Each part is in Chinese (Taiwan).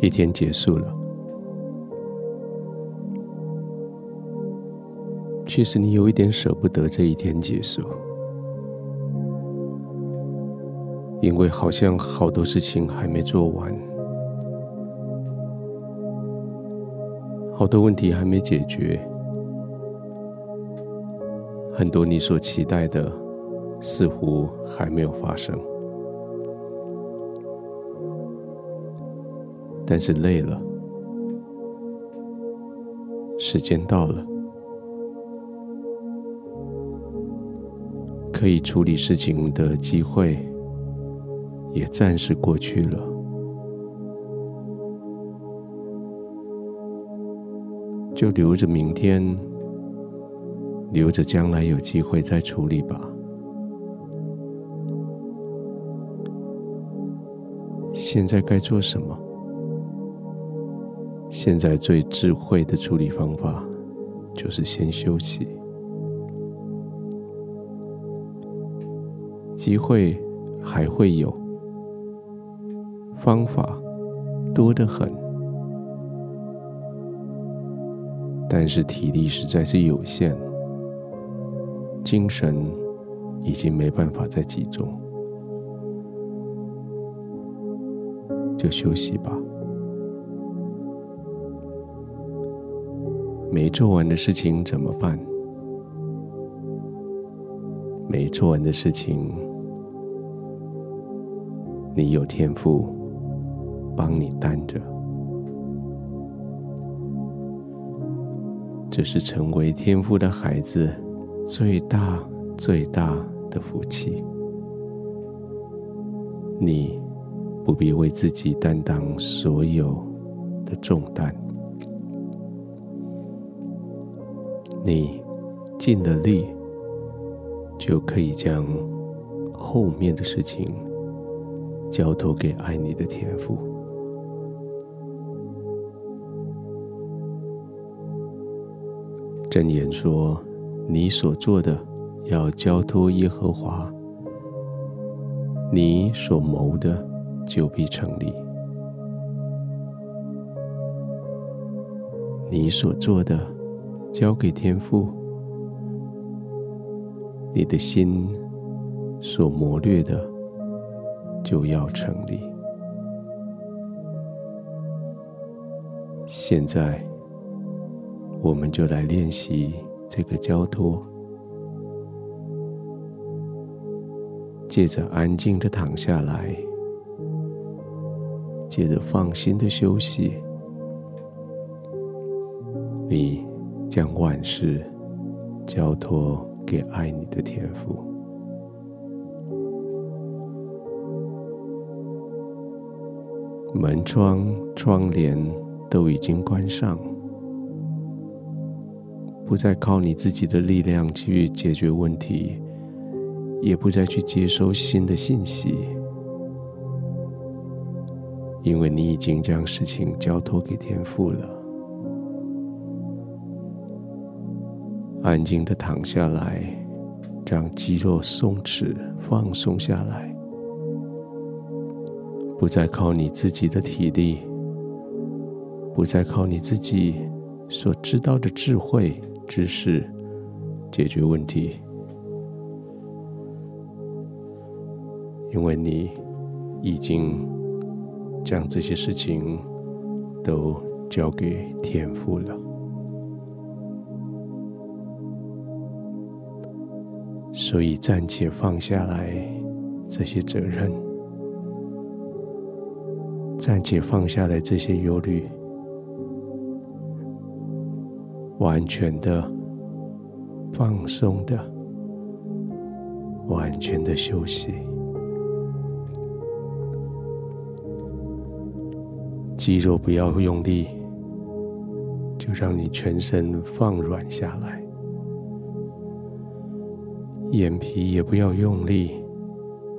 一天結束了，其實你有一點捨不得這一天結束，因為好像好多事情還沒做完，好多問題還沒解決，很多你所期待的似乎還沒有發生。但是累了，時間到了，可以處理事情的機會也暫時過去了，就留着明天，留着將來有機會再處理吧。現在該做什麼？現在最智慧的處理方法，就是先休息。機會還會有，方法多得很，但是體力實在是有限，精神已經沒辦法再集中，就休息吧。沒做完的事情怎麼辦？沒做完的事情，你有天父，幫你擔着，這是成為天父的孩子最大最大的福氣。你不必為自己擔當所有的重擔。你盡了力，就可以將後面的事情交託給愛你的天父。箴言說：“你所做的要交託耶和華，你所謀的就必成立，你所做的。”交給天父，你的心所謀略的就要成立。現在，我們就來練習這個交託，借着安靜的躺下來，借着放心的休息，你將萬事交託給愛你的天父。門窗窗簾都已經關上，不再靠你自己的力量去解決問題，也不再去接收新的信息，因為你已經將事情交託給天父了。安靜的躺下來，讓肌肉鬆弛、放鬆下來，不再靠你自己的體力，不再靠你自己所知道的智慧、知識解決問題，因為你已經將這些事情都交給天父了。所以暫且放下來這些責任，暫且放下來這些憂慮，完全的放鬆的，完全的休息，肌肉不要用力，就讓你全身放軟下來。眼皮也不要用力，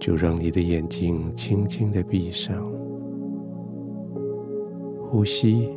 就讓你的眼睛輕輕的閉上。呼吸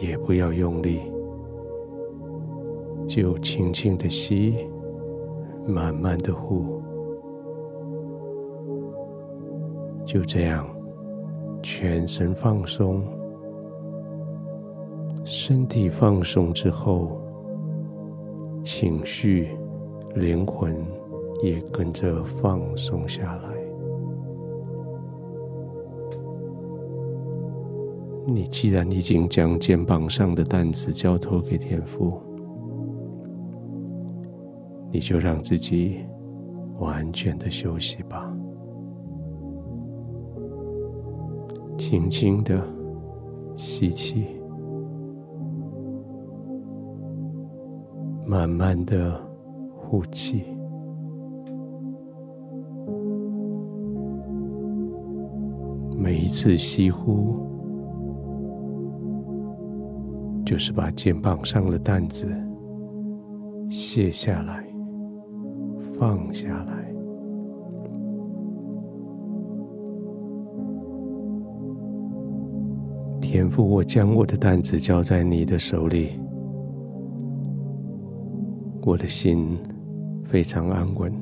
也不要用力，就輕輕的吸，慢慢的呼。就這樣，全身放鬆，身體放鬆之後，情緒。靈魂也跟着放鬆下來。你既然已經將肩膀上的擔子交託給天父，你就讓自己完全的休息吧，輕輕的吸氣，慢慢的。呼氣，每一次吸呼，就是把肩膀上的擔子卸下來、放下來。天父，我將我的擔子交在你的手裡，我的心。非常安穩，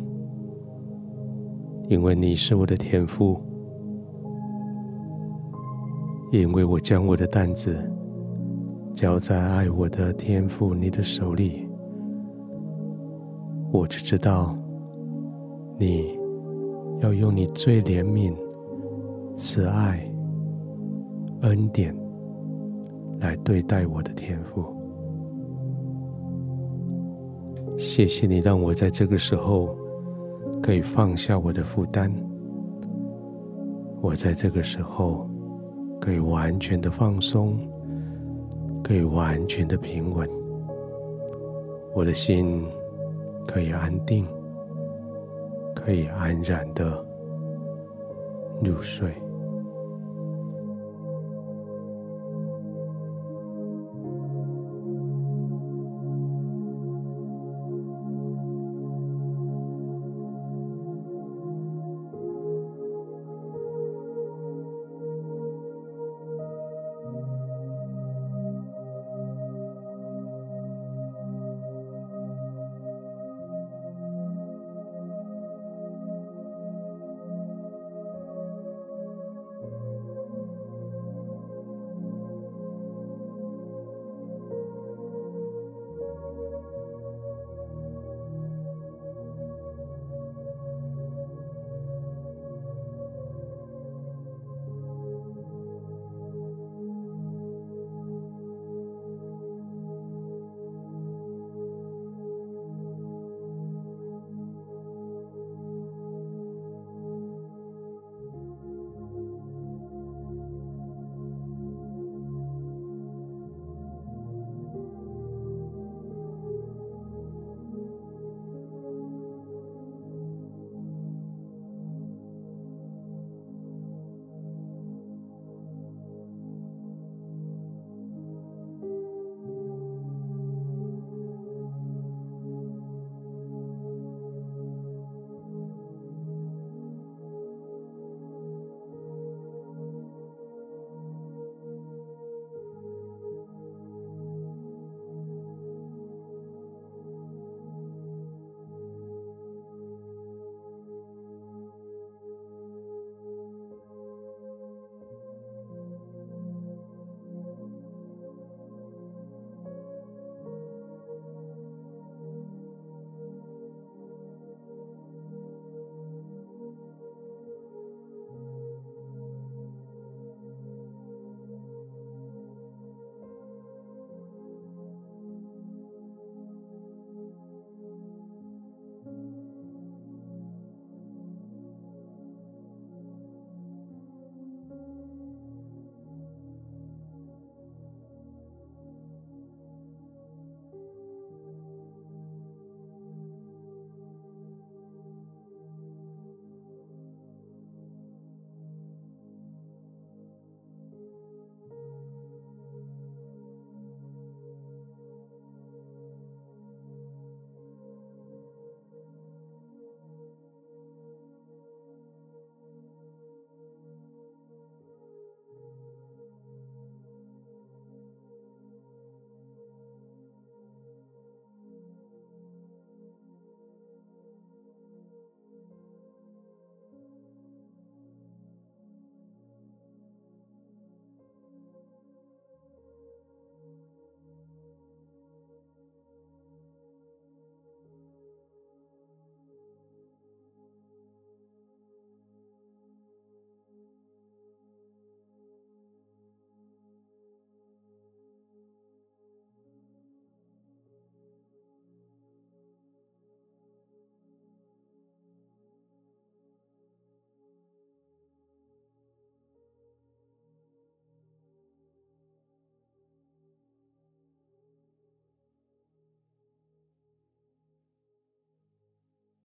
因為你是我的天父，因為我將我的擔子交在愛我的天父你的手裡，我只知道你要用你最憐憫、慈愛、恩典來對待我的天父。謝謝你讓我在這個時候可以放下我的負擔，我在這個時候可以完全的放鬆，可以完全的平穩，我的心可以安定，可以安然的入睡。